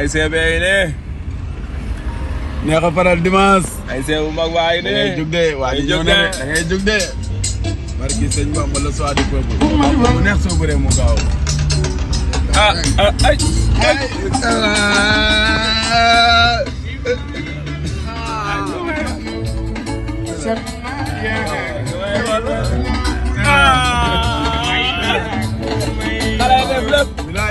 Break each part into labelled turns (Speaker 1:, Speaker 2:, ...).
Speaker 1: ay CBA yi ne. neex a faral dimanche. ay CBA bu mag waa yi ne. da ngay jug de waa ji ñëw na de da de. barki sëñ Bamba la soo adi peuple. mu neex soo bëree mu gaaw. ah ah ay. ah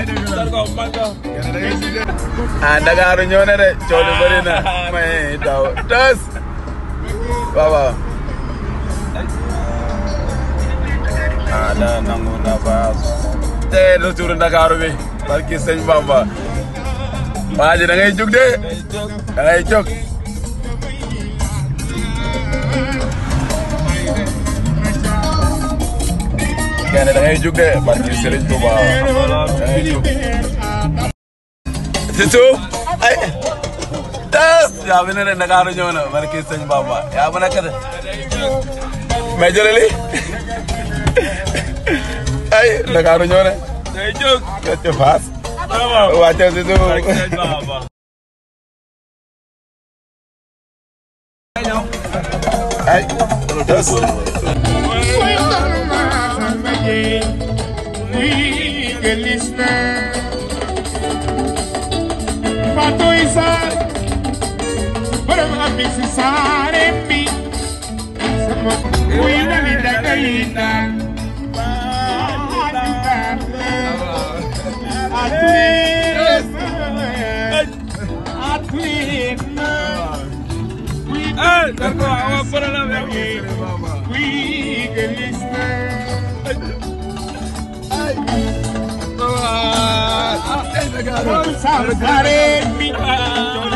Speaker 1: Dakar ñëw de coow li bëri ah, ah. daw tos waaw waaw. ah da nangu na ba te retour Dakar bi barki sëñ Bamba waa ji da ngay jóg de da ngay jóg. kenn da ngay jóg de barki Serigne Touba da ngay jóg. ay tas yaa bi ne de Ndakaaru ñëw na barki Sëñ Bamba yaa bu nekk de mais jëleli ay Ndakaaru ñëw na. day jóg ay tas. été légaliste. Bato isar, borom abisi sarembi, sama kuina ni dagaina. Hey, that's what I want to put it up. Con